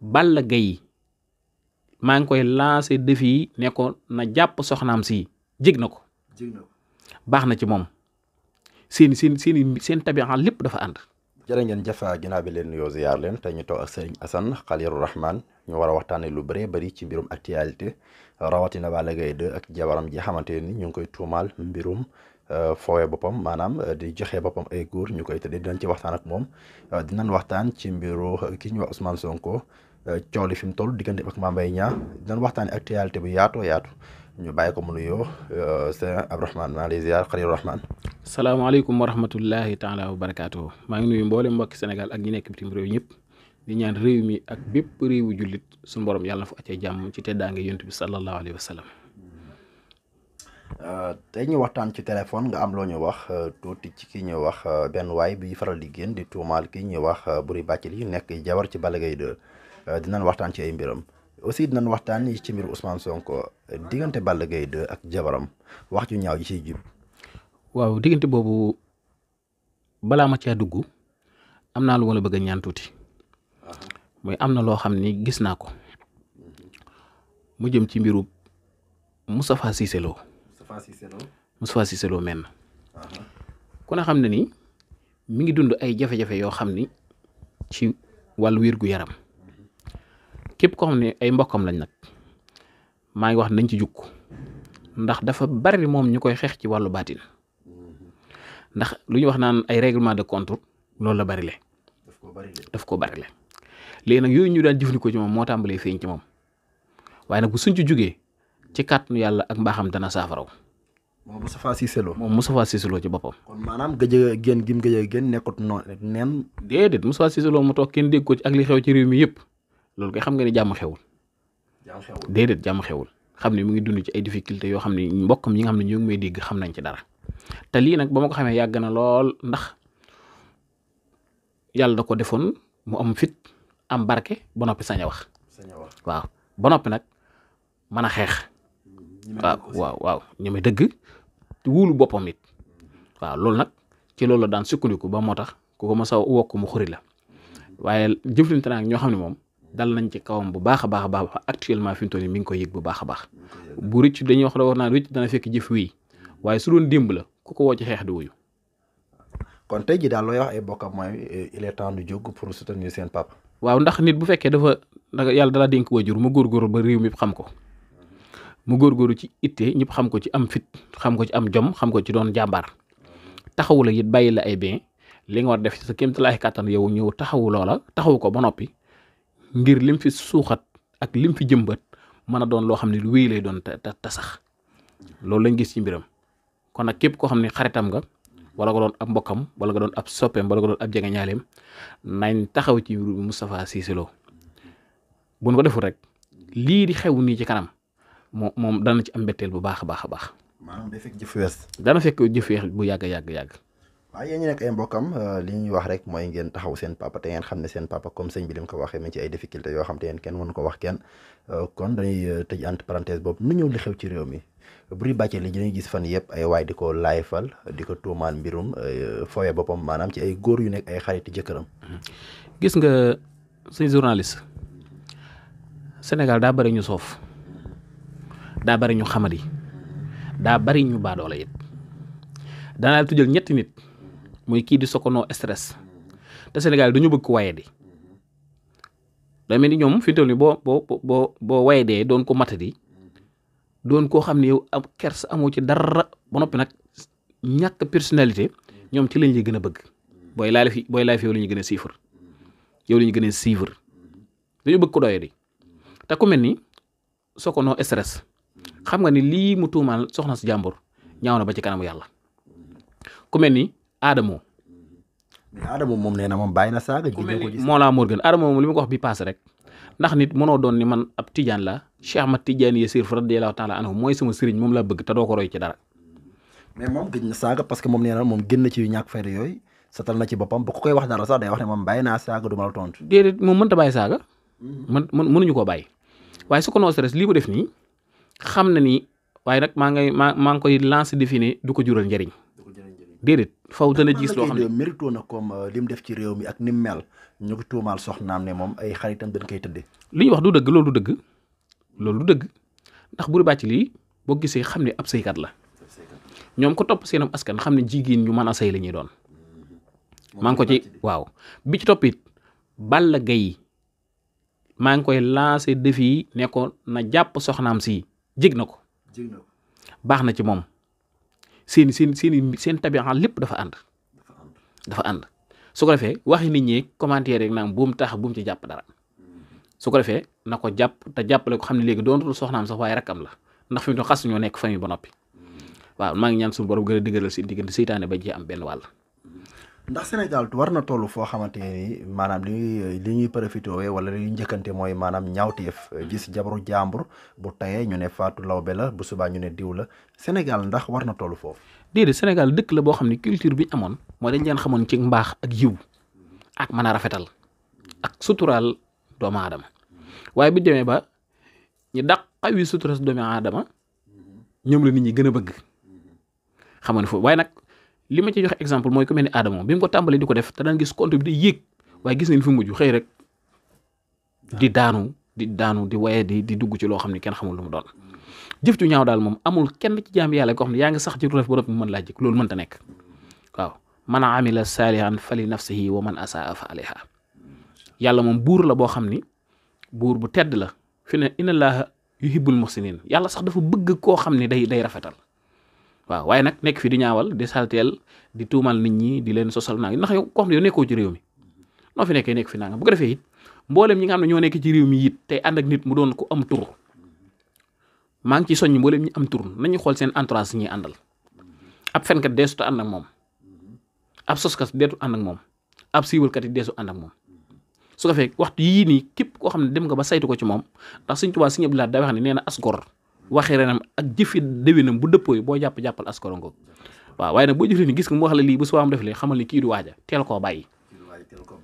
Balla Gaye maa ngi koy lancé défi ne ko na jàpp soxnaam si jig na ko baax na ci moom seen seen seen seen tabian lépp dafa ànd jërë ngeen jëf ginnaaw bi leen nuyoo ziyaar leen te ñu toog ak Serigne Assane Khalilou Rahman ñu war a waxtaanee lu bëree bari ci mbirum actualité rawatina Balla Gaye 2 ak jabaram ji xamante ni ñu ngi koy tuumaal mbirum euh, foowee boppam maanaam euh, di joxe boppam ay góor ñu koy tëddee dinañ ci waxtaan ak moom euh, dinañ waxtaan ci mbiru ki ñu wax Sonko. Euh, coow li fi mu toll diggante ak Mame Mbaye Niang dinañ waxtaanee actualité bu yaato yaatu ñu bàyyi ko mu nuyoo euh, sëñ Abdourahmane maa ngi lay ziar xarit Rahman. salaamaaleykum wa rahmatullahi taala maa ngi nuyu mboolem mbokki Sénégal ak ñu nekk bitim réew ñëpp di ñaan réew mi ak bépp réewu jullit su borom yàlla fu fa jàmm ci teddaange yonent bi sallallahu alayhi wa sallam. Euh, tey ñu waxtaan ci téléphone nga am loo ñu wax tuuti ci ki ñu wax benn waay bi faral di génn di tuumaal ki ñuy wax Boury Bathily nekk jabar ci Balla Gaye 2 Euh, dinañ waxtaan ci ay mbiram aussi dinañ waxtaan ci mbiru Ousmane Sonko diggante ball Gaye 2 ak jabaram wax ju ñaaw ji ciy jub. waaw diggante boobu balaa ma caa dugg am naa lu bëgg ñaan tuuti uh-huh. mooy am na loo xam ni gis naa ko mu jëm ci mbiru Moustapha Cissé Lo. Moustapha Cissé Lo Moustapha Cissé Lo uh-huh. xam ne ni mu ngi dund ay jafe-jafe yoo xam ni ci wàllu wér gu yaram. képp koo xam ne ay mbokkam lañ nag maa ngi wax nañ ci jukk ndax dafa bari moom ñu koy xeex ci wàllu baatin ndax lu ñu wax naan ay règlement de compte loolu la bari le daf koo bari le léegi nag yooyu ñu daan jëfandikoo ci moom moo tàmbalee feeñ ci moom waaye nag bu suñ ci jógee ci kàttanu yàlla ak mbaaxam dana saafaraw. moom Moustapha Cissé Lo moom Moustapha Cissé Lo ci boppam. kon maanaam gëj a génn gim gëj a génn nekkut noonu rek neen. déedéet Moustapha Cissé Lo mu toog kenn dégg ko ci ak li ci réew mi yëpp loolu kay xam nga ne jàmm xewul. jàmm xewul déedéet jàmm xewul xam ne mu ngi dund ci ay difficultés yoo xam ne mbokkam ñi xam ne ñoo ngi may dégg xam nañ ci dara te lii nag ba ma ko xamee yàgg na lool ndax yàlla da ko defoon mu am fit am barke ba noppi sañ a wax. sañ a wax waaw ba noppi nag mën a xeex. waaw waaw waaw ñeme dëgg wóolu boppam it waaw loolu nag ci loolu la daan sukkandiku ba moo tax ku ko mos a wokk mu xuri la waaye jëflante naa ak ñoo xam ne moom. dal nañ ci kawam bu baax a baax a baax actuellement fi mu toll nii mi ngi koy yëg bu baax a baax bu rëcc dañuy wax la war naan rëcc dana fekk jëf wii waaye su doon démb la ku ko woo ci xeex di wuyu. kon tey jii daal looy wax ay bokkam mooy eh, il est temps de jóg pour soutenir seen papa. waaw ndax nit bu fekkee dafa yàlla dala dénk wajur mu góorgóorlu ba réew mi xam ko mu góorgóorlu ci itte ñëpp xam ko ci am fit xam ko ci am jom xam ko ci doon jàmbaar taxawu la it bàyyi la ay bien li nga war def ci sa kéemtalaay kàttan yow ñëw taxawu loola taxawu ko ba noppi ngir lim fi suuxat ak lim fi jëmbat mën a doon loo xam ne lu wéy lay doon ta ta sax loolu lañ gis ci mbiram kon nag képp koo xam ne xaritam nga wala nga doon ab mbokkam wala nga doon ab soppeem wala nga doon ab jegeñaaleem nañ taxaw ci Moustapha Cissé Lo buñ ko deful rek lii di xew nii ci kanam moom moom dana ci am mbetteel bu baax a baax a baax. maanaam day fekk jëf dana fekk jëf wees bu yàgg yàgg yàgg. waaye yéen ñi nekk ay mbokkam euh, li ñuy wax rek mooy ngeen taxaw seen papa te ngeen xam ne seen papa comme sëñ bi li ko waxee mu ci ay difficultés yoo xam te ngeen kenn mënu ko wax kenn euh, kon dañuy euh, tëj entre parenthèse boobu nu ñëw li xew ci réew mi Boury Bathily li dañuy gis fan yëpp ay waay di ko laayfal di ko tuumaal mbirum fooye boppam maanaam ci ay góor yu nekk ay xariti jëkkëram gis nga suñ journaliste Sénégal daa bari ñu soof daa bari ñu xamadi daa bari ñu baadoole it danaa tujjal ñetti nit muy kii di Sokono stress te Sénégal dañu bëgg ko waye di day mel ni ñoom fi mu toll nii boo boo boo boo dee doon ko matadi doon koo xam ne yow am amoo ci dara ba noppi nag ñàkk personnalité ñoom ci lañ la gën a bëgg booy laal fi booy laal fi yow la ñu gën a siifar yow la ñu gën a siifar dañu bëgg ko doyadi te ku mel ni Sokono stress xam nga ni lii mu tuumaal soxna si jàmbur ñaaw na ba ci kanamu yàlla ku ni Adamo. mais Adamo moom nee na moom bàyyi na saaga. moo mel ni Mollah Morgun Adamo moom li ma ko wax bi paase rek. ndax nit mënoo doon ni man ab tijaan la Cheikh Ahmad Tidiane Yesir radiyallahu taala anhu mooy sama sëriñ moom laa bëgg te doo ko roy ci dara. mais moom gëj na saaga parce que moom nee na moom gën na ci ñàkk fayda yooyu satal na ci boppam ko koy wax dara sax day wax ne moom bàyyi naa saaga du ma la tontu. déedéet moom mënut bàyyi saaga. mën mhm. mënuñu koo bàyyi. waaye su ko noo stress lii mu def nii xam na ni waaye nag maa ngay maa maa ngi koy lance défini du ko jural njariñ déedéet faw dana gis loo xam ne mérito na comme euh, li def ci réew mi ak ni mu mel ñu ko tuumaal soxnaam ne moom ay xaritam dañ koy tëddee. li ñu wax du dëgg loolu du dëgg dëgg ndax Boury Bathily lii boo gisee xam ne ab sëykat la ñoom ko topp seenam askan xam ne jigéen ñu mën a sëy la ñuy doon. maa ngi ko ci waaw bi ci topp it Balla maa ngi koy lancé défi ne ko na jàpp soxnaam si jig na ko. baax na ci moom. seen seen seen seen tabixa lépp dafa ànd. dafa ànd su ko defee waxi nit ñi commentaire rek naa buum tax buum ci jàpp dara su ko defee na ko jàpp te jàppale ko xam ne léegi doon doonatul soxnaam sax waaye rakkam la ndax fi mu xas ñoo nekk famille ba noppi waaw maa ngi ñaan suñu borom gën a dëgëral seen diggante seytaane ba ci am benn wàll ndax Sénégal war na toll foo xamante ni maanaam li li ñuy profité wala li ñuy njëkkante mooy maanaam ñaawteef gis jabaru jàmbur bu tayee ñu ne faatu Lawbe la bu subaa ñu ne diw la Sénégal ndax war na toolu foofu. déedéet Sénégal dëkk la boo xam ne culture bi amoon moo dañ leen xamoon ci mbaax ak yiw ak mën a rafetal ak suturaal doomu aadama waaye bi demee ba ñu daq xaw yi suturaal doomu aadama ñoom la nit ñi gën a bëgg xam nga foofu li ma ci joxe exemple mooy ku mel ni Adamo bi mu ko tàmbalee di ko def te daan gis compte bi di yéeg waaye gis nañ fi mujj xëy rek di daanu di daanu di waye di di dugg ci loo xam ne kenn xamul lu mu doon jëf ju ñaaw daal moom amul kenn ci jaam yàlla koo xam yaa ngi sax ci ref ba noppi mu mën laa jëkk loolu mënta nekk waaw man amila saalihan fali nafsihi wa man asaa fa aleyha moom buur la boo xam ni buur bu tedd la fi ne inna yàlla sax dafa bëgg koo xam ne day day rafetal waaw waaye nag nekk fi di ñaawal di salteel di tuumal nit ñi di leen sosal naanga ndax yow koo xam ne yow nekkoo ci réew mi noo fi nekkee nekk fi naanga bu ko defee it mboolem ñi nga xam ne nekk ci réew mi it tey ànd ak nit mu ko am tur maa ngi ci soññ mboolem ñi am tur nañu xool seen entourage ñuy àndal ab fenkat deesuta ànd ak moom ab soskat deetu ànd ak moom ab siiwalkat yi deesu ànd ak moom su ko yii nii képp koo xam ne dem nga ba saytu ko ci moom ndax Sëñ Tuubaa Sëñ Abdul laa daa wax ne nee na asgor waxi renam ak jëfi déwénam bu dëppooy boo jàpp jàppal askorongo waaw waaye nag boo jëfee ni gis nga mu wax la lii bu subaam def lee xamal ni kii du waaja teel koo bàyyi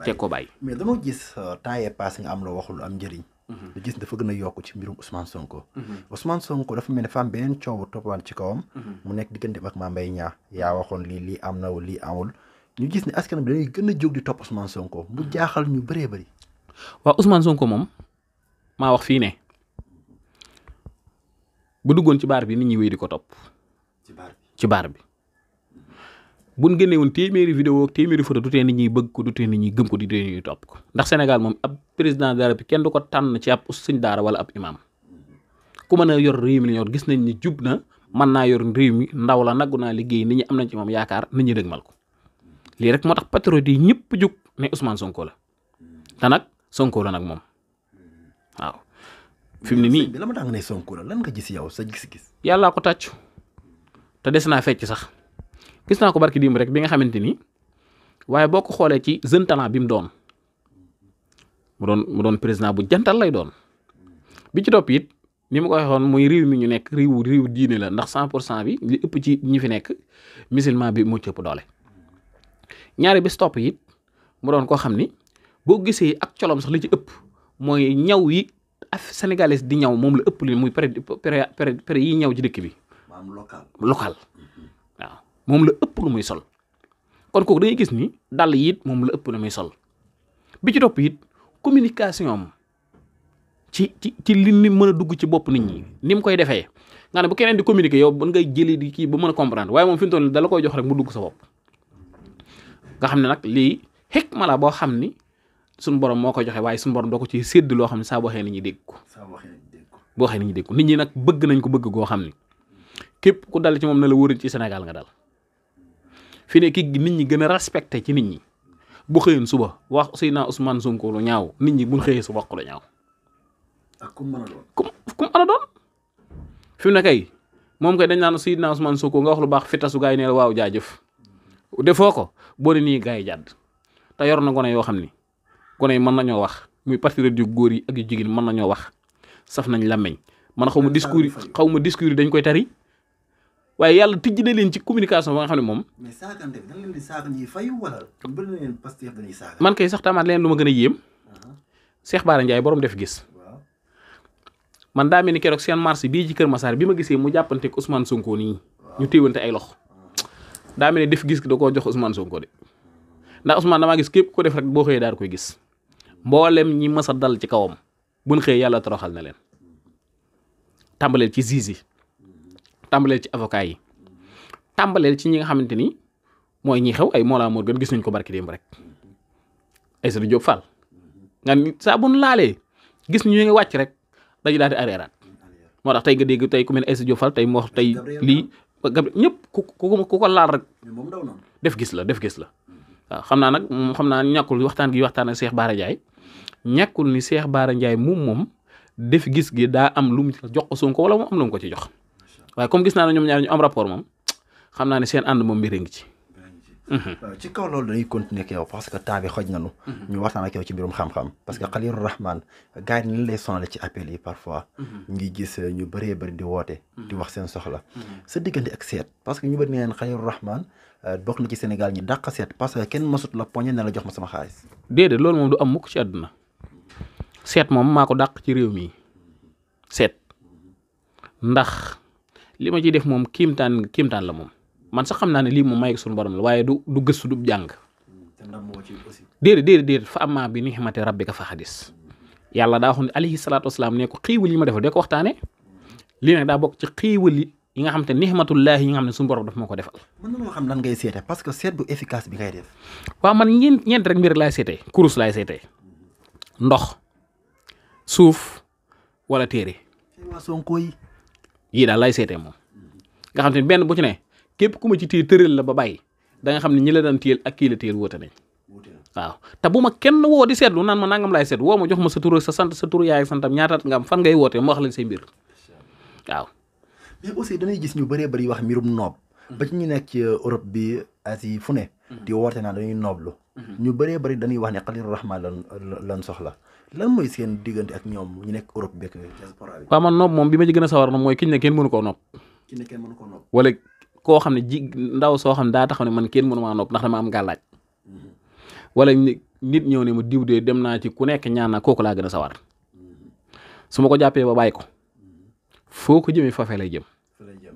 teel koo bàyyi mais dañoo gis euh, temps yee passé nga am am njëriñ mhm. gis dafa gën a yokk ci mbirum Ousmane Sonko mhm. Ousmane Sonko dafa mel ne femme beneen coow toppaan ci kawam mhm. mu nekk diggante ak Mame Mbaye ñaa yaa waxoon lii lii am na lii amul ñu gis ne askan bi dañuy gën a jóg di topp Ousmane Sonko mu jaaxal ñu baree bëri waa Ousmane Sonko moom maa wax fii ne bu duggoon ci baar bi nit ñi wéy di ko topp. ci baar bi ci baar bi. buñ génne woon téeméeri vidéo ak téeméeri photo du tee nit ñi bëgg ko du tee nit ñi gëm ko du tee nit ñi topp ko ndax Sénégal moom ab président daara bi kenn du ko tànn ci ab sëñ daara wala ab imam ku mën a yor réew mi la gis nañ ni jub na mën naa yor réew mi ndaw la nagu naa liggéey nit ñi am nañ ci moom yaakaar nit ñi dëgmal ko lii rek moo tax patriote yi ñëpp jug ne Ousmane Sonko la te nag Sonko la nag moom fi mu ne nii bi la ma tax nga ne Sonko la lan nga gis sa gis-gis. yàllaa ko tàccu te des naa fecc sax gis naa ko barki dimb rek bi nga xamante ni waaye boo ko xoolee ci jeune talent bi mu doon mu doon mu doon président bu jantal lay doon bi ci topp it ni ma ko waxee muy réew mi ñu nekk réew réew diine la ndax 100 pour cent bi li ëpp ci ñi fi nekk musulman bi mu ci doole ñaari bis topp it mu doon koo xam ni boo gisee ak colom sax li ci ëpp mooy ñaw yi. af sénégalais di ñaw moom la ëpp li muy pré pré pré yi ñaw ci dëkk bi. maanaam local local. Mm-hmm. waaw moom la ëpp lu muy sol. kon kooku dañuy gis ni dàll yit moom la ëpp lu muy sol bi ci topp yit communication am ci ci ci li ni mën a dugg ci bopp nit ñi mm-hmm. ni mu koy defee nga ne bu keneen di communiquer yow mën ngay jëli di kii ba mën a comprendre waaye moom fi mu toll dala koy jox rek mu dugg sa bopp nga xam ne nag lii xekk ma boo xam ni. suñu borom moo ko joxe waaye suñu borom doo ko ci sédd loo xam ne saa boo waxee nañuy dégg ko boo waxee nañuy dégg ko nit ñi nag bëgg nañ ko bëgg goo xam ne képp ku dal ci moom na la wóorit ci Sénégal nga dal fi ne nit ñi gën a respecté ci nit ñi bu xëyoon suba wax suy naa Sonko lu ñaaw nit ñi buñ xëyee suba wax ko lu ñaaw. ak ku mu kay dañ naan suy naa Ousmane Sonko nga wax lu baax fi tasu gaa yi ne la waaw jaajëf defoo ko boo ne nii gaa yi jàdd te yor na gone yoo xam ni gone yi mën nañoo wax muy patriote yu góor yi ak yu jigéen man nañoo wax saf nañ làmmeñ man xaw ma discours yi xaw ma discours yi dañ koy tari waaye yàlla tijji na leen ci communication ba nga xam ne moom. mais saagante nan leen di saaga ñuy fay wala bëri na leen man kay sax tamaat leen lu ma gën a yéem. Cheikh Bara Ndiaye borom def gis. man daa mel ni keroog seen marché bii ci Kër Massar bi ma gisee mu jàppante ak Ousmane Sonko nii ñu téewante ay loxo daa mel ni def gis da koo jox Ousmane Sonko de ndax Ousmane damaa gis képp ko def rek boo xëyee koy gis. mboolem ñi mës a dal ci kawam buñ xëy yàlla toroxal na leen tàmbaleel ci juge yi tàmbaleel ci avocat yi tàmbaleel ci ñi nga xamante ni mooy ñi xew ay Mollah gën gis nañ ko barki démb rek Aïssatou Diop Fall nga ni saa bu nu laalee gis ñu ngi wàcc rek dañu daal di areeraat moo tax tey nga dégg tey ku mel ne Aïssatou Diop Fall tey moo wax tey lii ñëpp ku ku ko laal rek def gis la def gis la waaw xam naa nag moom xam naa ñàkkul waxtaan gi waxtaan ak Cheikh Bara Ndiaye ñàkkul ni Cheikh Bara Ndiaye moom moom def gis gi daa am lu mu jox ko Sonko wala mu am lu mu ko ci jox waaye comme gis naa ne ñoom ñaar ñu am rapport moom xam naa ne seen ànd moom mbiri ngi ci. Mhm. Euh, ci kaw loolu dañuy continuer ak yow parce que temps bi xoj nañu. Mhm. ñu waxtaan ak yow ci mbirum xam parce que Khalilou Rahman gars yi ni lay sonal ci appel yi mhm. euh, ñu bëree bëri di woote. di wax seen soxla. sa diggante parce que ñu bëri na leen Khalilou Rahman euh, bokk na ci Sénégal ñu dàq seet parce que kenn masut la poñe na la jox ma sama xaalis. déedéet loolu moom du am mukk ci àdduna. seet moom maa ko dàq ci réew mi seet ndax li ma ciy def moom kiimtaan kiimtaan la moom man sax xam naa ne lii moom may suñu borom la waaye du du gëstu du jàng. déedéet déedéet déedéet am amaa bi ni xamante ka fa xadis yàlla daa wax ne alayhi salaatu wasalaam ne ko xiiwal yi ma defal de ko waxtaanee lii nag daa bokk ci xiiwal yi nga xam te nixmatullaahi yi nga xam ne suñu borom daf moo ko defal. mën nañoo xam lan parce que seet bu efficace bi ngay def. waaw man ñeent suuf wala téere waa Sonko yi yii daal lay seetee moom nga xam te benn bu ci ne képp ku ma ci téye la ba bàyyi da xam ne ñi la daan téyel ak kii la téyel wóote nañ waaw te bu ma kenn woo di seetlu naan ma nangam lay seet woo ma jox ma sa tur sa sant sa tur yaay santam ñaataat nga am fan ngay wootee ma wax leen say mbir waaw mais gis ñu bëree bëri wax mbirum noob mm. ba ci ñu nekk ci euh, Europe bi Asie fu ne mm. di woote naa dañuy nooblu mm-hmm. ñu bëree bari dañuy wax ne xalil rahman lan soxla lan mooy seen diggante ak ñoom ñu nekk Europe beeg diaspora man nopp moom bi ma ci gën a sawar mooy ki ne kenn mënu koo nopp. ki ne kenn mënu koo koo xam ne ji ndaw soo xam ne daa taxaw ne man kenn mënu maa nopp ndax dama am gàllaaj mm-hmm. wala nit ñëw ne mu diw dee dem naa ci ku nekk ñaan naa kooku laa gën a sawar mm-hmm. su ma ko jàppee ba bàyyi ko mm-hmm. foo ko jëmee foofee lay jëm.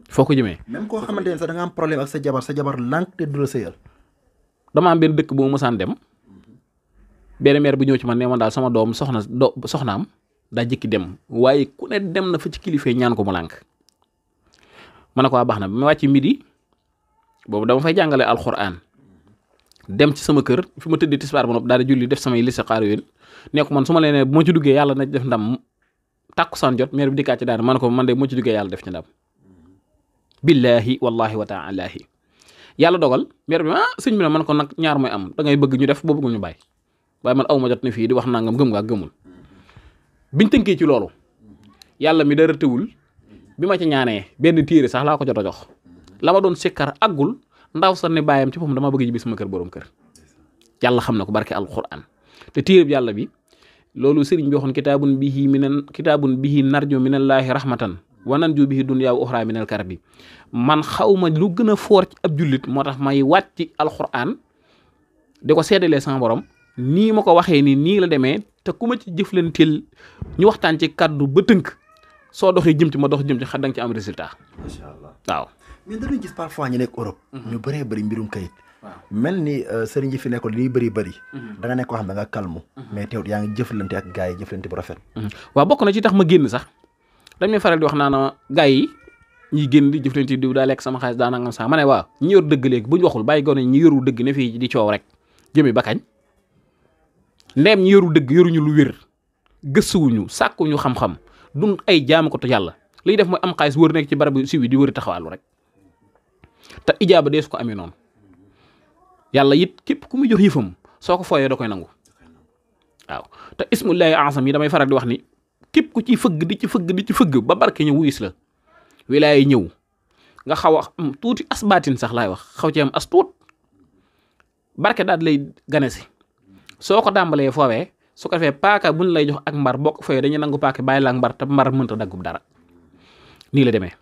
foo ko jëmee. même koo xamante ne sax da nga am problème ak sa jabar sa jabar lànk du la sëyal. dama am benn dëkk boo ma mosaan dem. benn mère bu ñëw ci man ne man daal sama doom soxna do soxnaam daa jëkki dem waaye ku ne dem na fa ci kilifa ñaan ko mu lànk ma ne ko ah, baax na ma wàcc midi boobu dama fay jàngale alxuraan dem ci sama kër fi ma tëddee tisbaar ba nopp daal di julli def samay listixaar yooyu ne ko man su ma leen ne ci duggee yàlla na def ndam tàkkusaan jot mère bi dikkaat ci daan ma ne ko man de bu ci duggee yàlla def ci ndam. billahi wallahi wa yàlla dogal mère bi ah sëñ bi ne man ko nag ñaar mooy am da ngay bëgg ñu def boo bëggul ñu bàyyi. waaye man aw ma jot ne fii di wax nangam gëm ngaa gëmul biñ tënkee ci loolu yàlla mi dara tëwul bi ma ci ñaanee benn téere sax laa ko jot a jox la ma doon sikkar aggul ndaw sax ne bàyyam ci foofu dama bëgg ji bi sama kër boroom kër yàlla xam na ko barke alquran te téere bi yàlla bi loolu sëriñ bi waxoon kitaabun bihi minan kitaabun bihi narju minallaahi rahmatan wa nanju bihi dunyaa wa uxraa minal bi man xawma lu gën a foor ci ab moo tax may wàcc alquran di ko seedalee sama borom nii ma ko waxee ni nii la demee te ku ma ci jëflanteel ñu waxtaan ci kàddu ba tënk soo doxee jëm ci ma dox jëm ci xar da nga ci am résultat. macha allah waaw. mais dañuy ñu nekk mhm. ñu bëree bëri mbirum kayit. mel ni euh, sëriñ ji fi nekkoon li bëri bëri. Mhm. da nga nekk wax xam ne da nga calme. Mhm. mais teewut yaa ngi jëflante ak gars yi jëflante bu rafet. waaw bokk na ci tax ma génn sax dañ may faral di wax naan gars yi ñuy génn di jëflante diw daa lekk sama xaalis daa nangam sax ma ne waaw ñi yor dëgg léegi bu ñu waxul bàyyi gone ñi yoru dëgg ne fii di coow rek jëmi ba kañ ndeem ñi yoru dëgg yoruñu lu wér gëstuwuñu sàkkuñu xam-xam dun ay jaamu ko te yàlla liy def mooy am xaalis wër nekk ci barabu siw yi di wëri taxawaalu rek te ijaaba dee su ko amee noonu yàlla it képp ku muy jox yëfam soo ko fooyee da koy nangu waaw te ismullahi ansam yi damay faral di wax ni képp ku ciy fëgg di ci fëgg di ci fëgg ba barke ñu wuyis la wilaay ñëw nga xaw a tuuti asbaatin sax laay wax xaw ci am as tuut barke daal lay ganesi soo ko tàmbalee foowee su ko defee paaka buñ lay jox ak mbar boo ko bokk fooyee dañuy nangu paaka bàyyi la ak mbar te mbar mënta daggub dara nii la demee.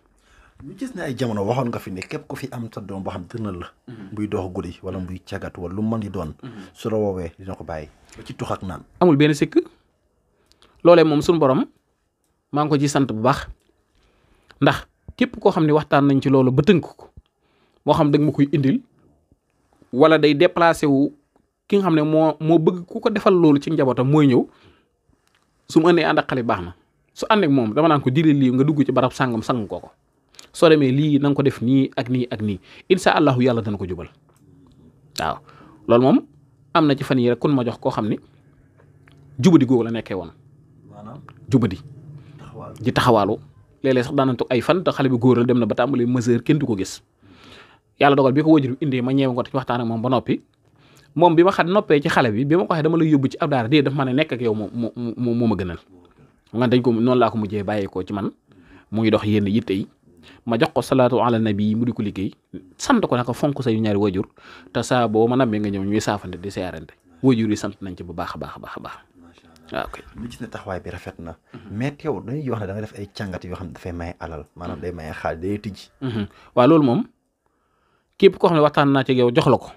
ñu gis ne ay jamono waxoon nga fi ne képp ku fi am sa doom boo xam tënal la. Mhm. buy dox guddi wala muy cagatu wala lu mën di doon. Mhm. su woowee dina ko bàyyi ci tux ak amul benn sikk loolee moom suñu borom maa ngi ko ci sant bu baax ndax képp koo xam ne waxtaan nañ ci loolu ba tënk ko moo xam da nga ma koy indil wala day déplacé wu ki nga xam ne moo moo bëgg ku ko defal loolu ci njabootam mooy ñëw su mu ëndee ànd xale bi baax na su ànd moom dama naan ko jëlee lii nga dugg ci barab sàngam sang ko ko soo demee lii na ko def nii ak nii ak nii insha allahu yàlla dana ko jubal waaw loolu moom am na ci fan yi rek kun ma jox koo xam ni jubadi googu la nekkee woon jubadi ji taxawaalu léeg-léeg sax daanantu ay fan te xale bi góor dem na ba tàmbali mesure kenn du ko gis yàlla dogal bi ko wajur ma ñeew ko waxtaan ak moom ba noppi moom bi ma xat noppee ci xale bi bi ma ko waxee dama lay yóbbu ci ab daara dee daf ma ne nekk ak yow moo moo ma gënal nga dañ ko noonu laa ko mujjee bàyyee ko ci man mu ngi dox yenn yitte yi ma jox ko salaatu ala nabi mu di ko liggéey sant ko naka fonk sa yu ñaari wajur te saa boo ma nammee nga ñëw ñuy saafante di seerante wajur yi sant nañ ci bu baax a baax a baax a baax waaw ah, kay taxawaay bi rafet na mhm. mais yow dañuy wax ne da def ay càngat yoo xam ne dafay maye alal maanaam mhm. day maye xaalis day tijji mhm. waaw loolu moom képp koo xam ne waxtaan naa ci yow jox la ko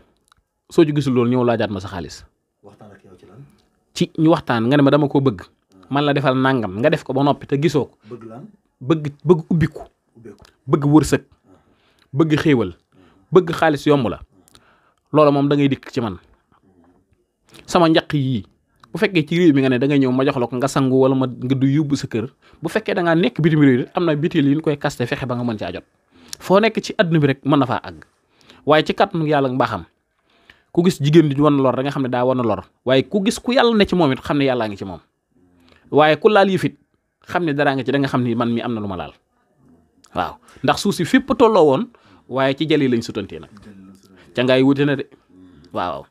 soo ci gisul loolu ñëw laajaat ma sa xaalis. waxtaan ak ci ñu waxtaan nga ne ma dama koo bëgg. man la defal nàngam nga def ko ba noppi te gisoo ko. bëgg lan bëgg bëgg ubbiku. bëgg wërsëg. Uh-huh. bëgg xéewal. bëgg xaalis yomb la. loola moom da ngay dikk ci man. sama njaq yii bu fekkee ci réew mi nga ne dangay ñëw ma jox la ko nga sangu wala ma nga du yóbbu sa kër bu fekkee da ngaa nekk bitim réew am na bitil yi ñu koy kaste fexe ba nga mën caa jot foo nekk ci àdduna bi rek mën na faa àgg waaye ci kàttanu yàlla mbaaxam ku gis jigéen di wan lor da nga xam ne daa wan lor waaye ku gis ku yàlla ne ci moom xam ne yàllaa ngi ci waaye ku laal yëfit xam ne daraa nga ci da nga xam ne man mi am na lu ma laal waaw ndax suuf si fépp tolloo woon waaye ci jali lañ sutantee nag cangaay wute na de waaw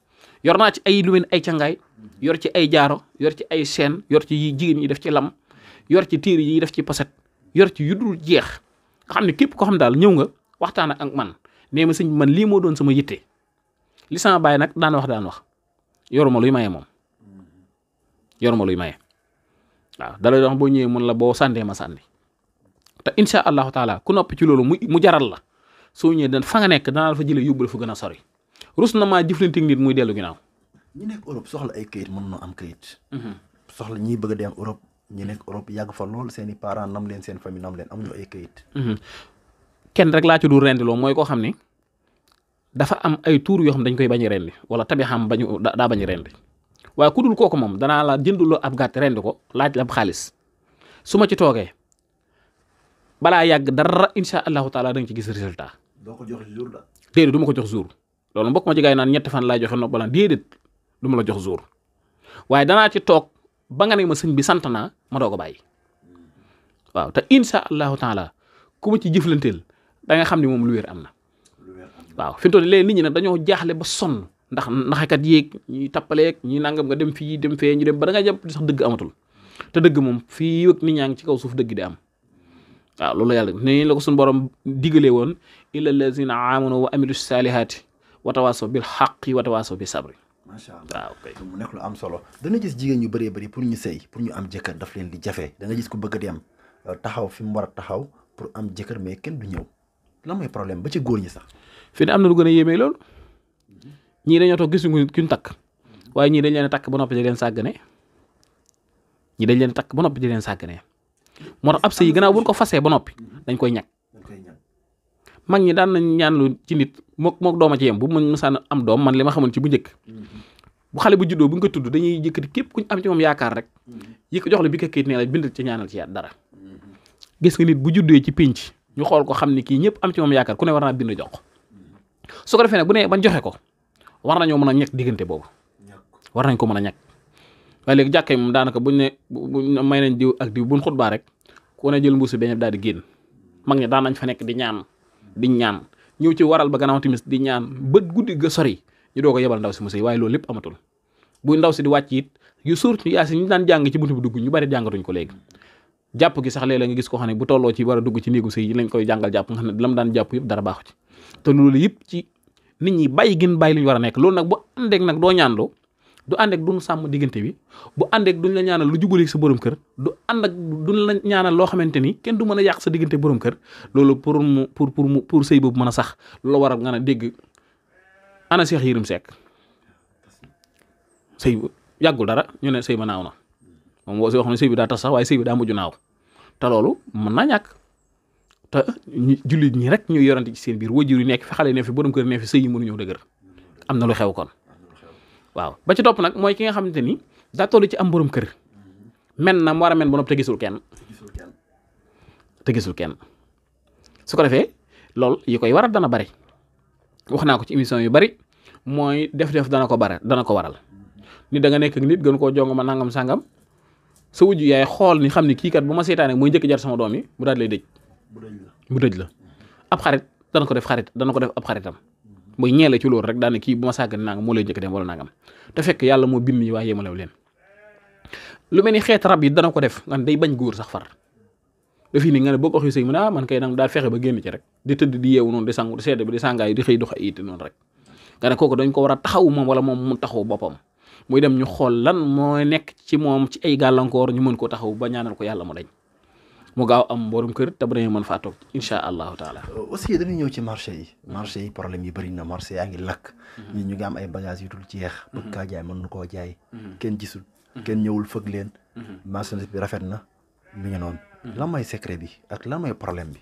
yor naa ci ay lu mel ay cangaay yor ci ay jaaro yor ci ay seen yor ci jigéen yi def ci lam yor ci téere yi def ci paset yor ci yu dul jeex nga xam ne képp koo xam daal ñëw nga waxtaan ak man nee ma sëñ man lii moo doon sama yitte li sama baay nag daan wax daan wax yoruma luy maye moom yoruma luy maye waaw da lay boo ñëwee mun la boo sànnee ma sànni te incha allahu taala ku noppi ci loolu mu mu jaral la soo ñëwee dan fa nga nekk danaa la fa jëlee yóbbu la fa gën a sori rus na maa jëflanteeg nit muy dellu ginnaaw. ñu nekk Europe soxla ay kayit mën noo am kayit. Mhm. soxla ñi bëgg dem Europe ñu nekk Europe yàgg fa lool seen i parents nam leen seen famille nam leen amuñu ay kayit. Mhm. kenn rek laa ci dul mooy koo xam ni dafa am ay tuur yoo xam dañ koy bañ a rendi wala tabi xam bañu daa bañ a rendi waaye ku dul kooku moom danaa la jënduloo ab gàtt rendi ko laaj la ab xaalis su ma ci toogee balaa yàgg dara incha allahu taala da nga ci gis résultat. doo ko jox jour la. déedéet du ko jox jour loolu mbokk ma naan ñetti fan laay joxe noppalan déedéet du ma la jox jour waaye danaa ci toog ba nga ne ma sëñ bi sant naa ma doo ko bàyyi waaw te incha allahu taala ku ma ci jëflanteel da xam ne moom lu wér am na. waaw fi mu toll léegi nit ñi nag dañoo jaaxle ba sonn ndax naxekat yéeg ñuy tappaleeg ñii nangam nga dem fii dem fee ñu dem ba da nga jàpp sax dëgg amatul te dëgg moom fii ak ñaa ngi ci kaw suuf dëgg di am loolu yàlla ni la ko suñu borom digalee woon illa lazina amanu wa amilu salihaati wa tawaasaw bil xaqi wa tawaasaw bi sabri macha allah waaw kay mu nekk lu am solo dana gis jigéen ñu bëree bëri pour ñu sëy pour ñu am jëkkër daf leen di jafe danga nga gis ku bëgg di taxaw fi mu war a taxaw pour am jëkkër mais kenn du ñëw lan problème ba ci góor ñi sax fi ne am na lu gën a yéeme loolu ñii dañoo toog gisuñu kuñ takk waaye ñii dañ leen takk ba noppi di leen sàggane ñii dañ leen takk ba noppi di leen sàggane moo tax ab sëy yi gannaaw buñ ko fasee ba noppi dañ koy ñàkk mag ñi daan nañ ñaanlu ci nit mook mook dooma ci yem bu mën mësaan am doom man li ma xamoon ci bu njëkk bu xale bu juddoo bu ñu ko tudd dañuy yëkkati képp kuñ am ci moom yaakaar rek yëkk jox la bi ko kayit ne la bindal ci ñaanal ci dara mm-hmm. gis nga nit bu juddoo ci pénc ñu xool ko xam ne kii ñëpp am ci moom yaakaar ku ne war naa bind jox soo ko defee nag bu nee bañ joxe ko war nañoo mën a ñàkk diggante boobu war nañ ko mën a ñàkk waaye léegi jàkkee moom daanaka buñ ne buñ may nañ diw ak diw buñ xutbaa rek ku ne jël mbuusu beñe daal di génn mag ñi daan nañ fa nekk di ñaan di ñaan ñëw ci waral ba gannaaw timis di ñaan bët guddi ga sori ñu doo ko yebal ndaw si musée waaye loolu lépp amatul bu ndaw si di wàcc it yu surtout yaa si ñu daan jàng ci buntu bi dugg ñu bari jàngatuñ ko léegi jàpp gi sax léeg-léeg gis ko xam ne a dugg daan jàpp yëpp dara te loolu yëpp ci nit ñi bay gën bay li ñu war a nekk loolu nag bu àndeek nag doo ñaandoo du ànd ak duñ sàmm diggante bi bu àndeek ak duñ la ñaanal lu jubali sa borom kër du ànd ak duñ la ñaanal loo xamante ni kenn du mën a yàq sa diggante borom kër loolu pour mu pour pour mu pour sëy boobu mën a sax loo waral nga a dégg ana Cheikh Yérim Seck sëy yàggul dara ñu ne sëy ba naaw na moom boo wax ne sëy bi daa tas sax waaye sëy bi daa mujj naaw te loolu mën naa te jullit ñi rek ñuy yorante ci seen biir wajur yi nekk fi xale ne fi borom kër ne fi sëy yi mënuñoo dëgër am na lu xew kon waaw ba ci topp nag mooy ki nga xamante ni daa toll ci am kër men na mu war te gisul kenn te kenn su ko defee loolu yi koy waral dana bari wax naa ko ci émission yu bari mooy def-def dana ko bare dana ko waral nit da nga nekk ak nit gën koo jong ma nangam sangam sa wujju yaay xool ni xam ni kii kat bu ma seetaanee mooy njëkk jar sama doom yi mu daal lay dëj. bu dëj la ab xarit dana ko def xarit dana ko def ab xaritam mooy ñeele ci loolu rek daane kii bu ma sàggane nangam moo lay njëkk dem wala nangam te fekk yàlla moo bind yi waaye yemalew leen lu mel ni xeet rab yi dana ko def nga day bañ góor sax far dafi ni ne boo mu ne ah, man kay nag daal fexe ba génn ci rek di tëdd di yeewu noonu di sangu di sedd bi di sàngaay di xëy dox ay it noonu rek nga ne kooku dañ ko war a taxaw moom wala moom mu taxaw boppam muy dem ñu xool lan moo nekk ci moom ci ay gàllankoor ñu mën koo taxaw ba ñaanal ko yàlla mu dañ mu gaaw am mborum kër te bu demee mën faa toog incha allahu taala. aussi dañuy ñëw ci marché yi. marché yi problème yi bëri na marché yaa ngi lakk. Mhm. ñi ñu ngi am ay bagages yu dul jeex. Mhm. bëgg kaa jaay mën na koo jaay. Mhm. kenn gisul. kenn ñëwul fëgg leen. marchandise bi rafet na mi ngi noonu. lan mooy bi ak lan problème bi.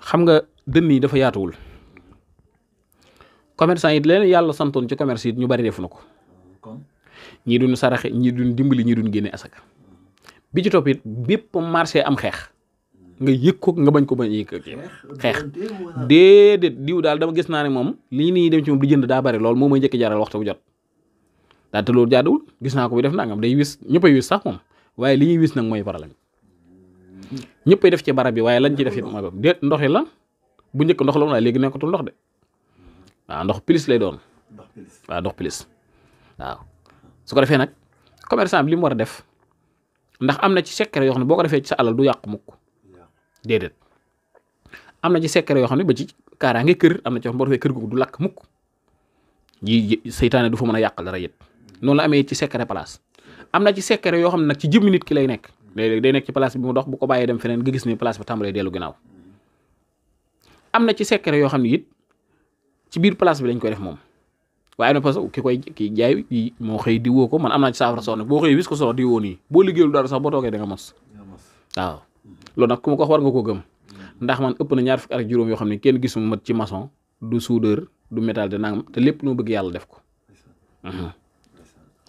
xam nga dënn yi dafa yaatuwul. commerçant yi leen yàlla santoon ci commerce ñu bari defu na ko. ñii duñ saraxe ñi duñ dimbali ñii duñ génne asaka. bi ci topp it bépp marché am xeex nga yëg ko nga bañ ko bañ yëg ak xeex déedéet diw daal dama gis naa ne moom li lii nii dem ci moom di jënd daa bari lool moom mooy njëkk jaral waxtu bu jot daal te loolu jaaduwul gis naa ko bi def nangam day wis ñëppay sax moom waaye li ñuy wis nag mooy problème ñëppay def ci barab bi waaye lañ ci def it ndox yi la bu njëkk ndox la woon léegi nekkatul ndox de waaw ndox pilis lay doon waaw ndox pilis waaw su ko defee nag commerçant bi li mu war a def ndax am na ci secret yoo xam ne boo ko defee sa alal du yàqu mukk déedéet am na ci secret yoo xam ne ba ci kaaraange kër am na ci yoo xam boo defee kër lakk mukk yi seytaane du fa mën a yàq dara yëpp noonu amee ci secret place am na ci secret yoo xam ne nag ci jëmmi nit ki lay nekk léeg-léeg day nekk ci place bi mu dox bu ko bàyyee dem feneen nga gis ni place bi tàmbalee dellu ginnaaw mm-hmm. am na ci secret yoo xam ne yit ci biir place bi lañ koy def moom waaye am na parce que ki koy ki jaay moo xëy di woo ko man am naa ci saafara soo nag boo xëy wis ko sox di woo nii boo liggéeyul dara sax boo toogee da nga mos waaw loolu nag ku ma ko wax war nga ko gëm ndax man ëpp na ñaar fukk at ak juróom yoo xam ne kenn gisuma mat ci maçon du soudeur du métal de nangam te lépp lu ma bëgg yàlla def ko mhm.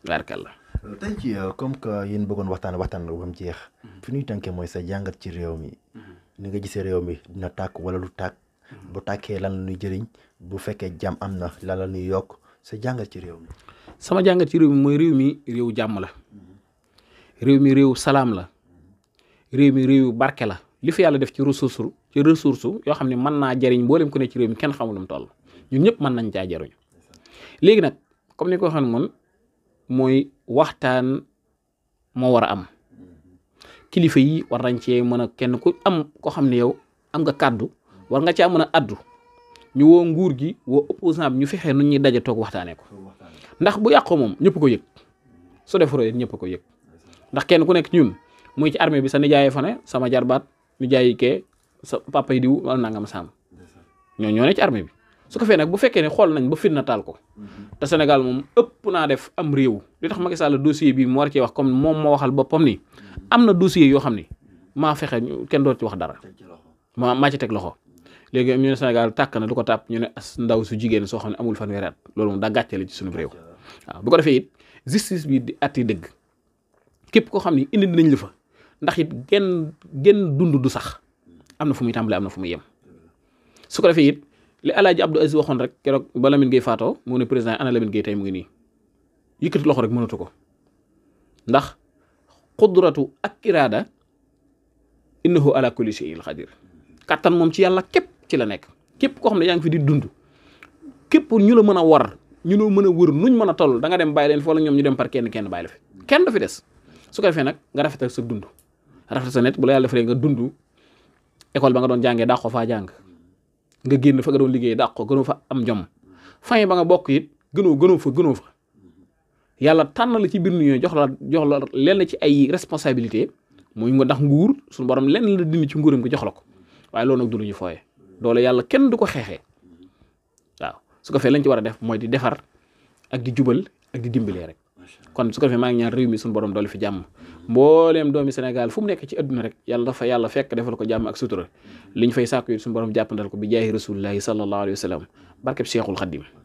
barkalla euh, tey ci euh, comme que yéen bëggoon waxtaan waxtaan la wam jeex mhm. fi ñuy tànkee mooy sa jàngat ci réew mi mhm. ni nga gisee réew mi dina tàkk wala lu tàkk bu tàkkee la ñuy jëriñ bu fekkee jàmm am na la yokk sa jàngat ci réew sama jàngat ci réew mi mooy réew mi réew jàmm la réew mi réew salaam la réew mi réew barke la li fi yàlla def ci ressource ci ressource yoo xam ne mën naa jariñ mboolem ku ne ci réew mi kenn xamul lu mu toll ñun ñëpp mën nañ caa jariñ nag comme ni ko waxoon moom mooy waxtaan moo war a am kilifa yi war nañ cee mën a kenn ku am koo xam ne yow am nga kàddu war nga caa mën a àddu ñu woo nguur gi woo opposant bi ñu fexee nu ñuy daje toog waxtaanee ko ndax bu yàqoo moom ñëpp ko yëg su defaroo yéen ñëpp ko yëg ndax kenn ku nekk ñun muy ci armée bi sa nijaay fa ne sama jarbaat ñu jaayi kee sa papa yi diw wala nangam ñoo ñoo ne ci armée bi su ko fee nag bu fekkee ne xool nañ ba fitna taal ko te Sénégal moom ëpp naa def am réew li tax Macky Sall dossier bii mu war cee wax comme moom moo waxal boppam ni am na dossier yoo xam ni maa fexe kenn doo ci wax dara maa maa ci teg loxo léegi am ñu ne Sénégal tàkk na du ko tàpp ñu ne as ndaw su jigéen soo xam ne amul fanweeri at loolu moom daa gàccele ci suñu réew waaw bu ko defee it justice bi di atti dëgg képp koo xam ne indi nañ la fa ndax it genn genn dund du sax am na fu muy tàmbalee am na fu muy yem su ko defee it li alaaji Abdou Aziz waxoon rek keroog ba Lamine Gueye faatoo mu ne président ana Lamine Gueye tey mu ngi nii yëkkati loxo rek mënatu ko ndax xudratu ak iraada innahu ala kulli shay'in moom ci yàlla képp ci la nekk képp koo xam ne yaa ngi fi di dund képp ñu la mën a war ñu la mën a wër nuñ mën a toll da nga dem bàyyi leen foofu la ñoom ñu dem par kenn kenn bàyyi la fi kenn du fi des su ko nag nga rafetal sa dund rafetal sa net bu la yàlla nga dund école ba nga doon jàngee dàqoo faa jàng nga génn fa nga doon liggéey dàqoo gënoo fa am jom fay ba nga bokk yit gënoo gënoo fa gënoo fa yàlla tànn la ci biir nuyoo jox la jox la lenn ci ay responsabilité muy nga ndax nguur suñu borom lenn la dindi ci nguuram gi jox la ko waaye loolu nag ñu fooye doole yàlla kenn du ko xeexee waaw su ko fee lañ ci war a def mooy di defar ak di jubal ak di dimbalee rek kon su ko defee maa ngi ñaan réew mi suñu borom doole fi jàmm mbooleem doomi Sénégal fu mu nekk ci adduna rek yàlla dafa yàlla fekk defal ko jàmm ak sutura liñ fay sàkku yi suñu borom jàppandal ko bi jaay rasulullahi sallallahu alayhi wa sallam barkeb Cheikhul Xadim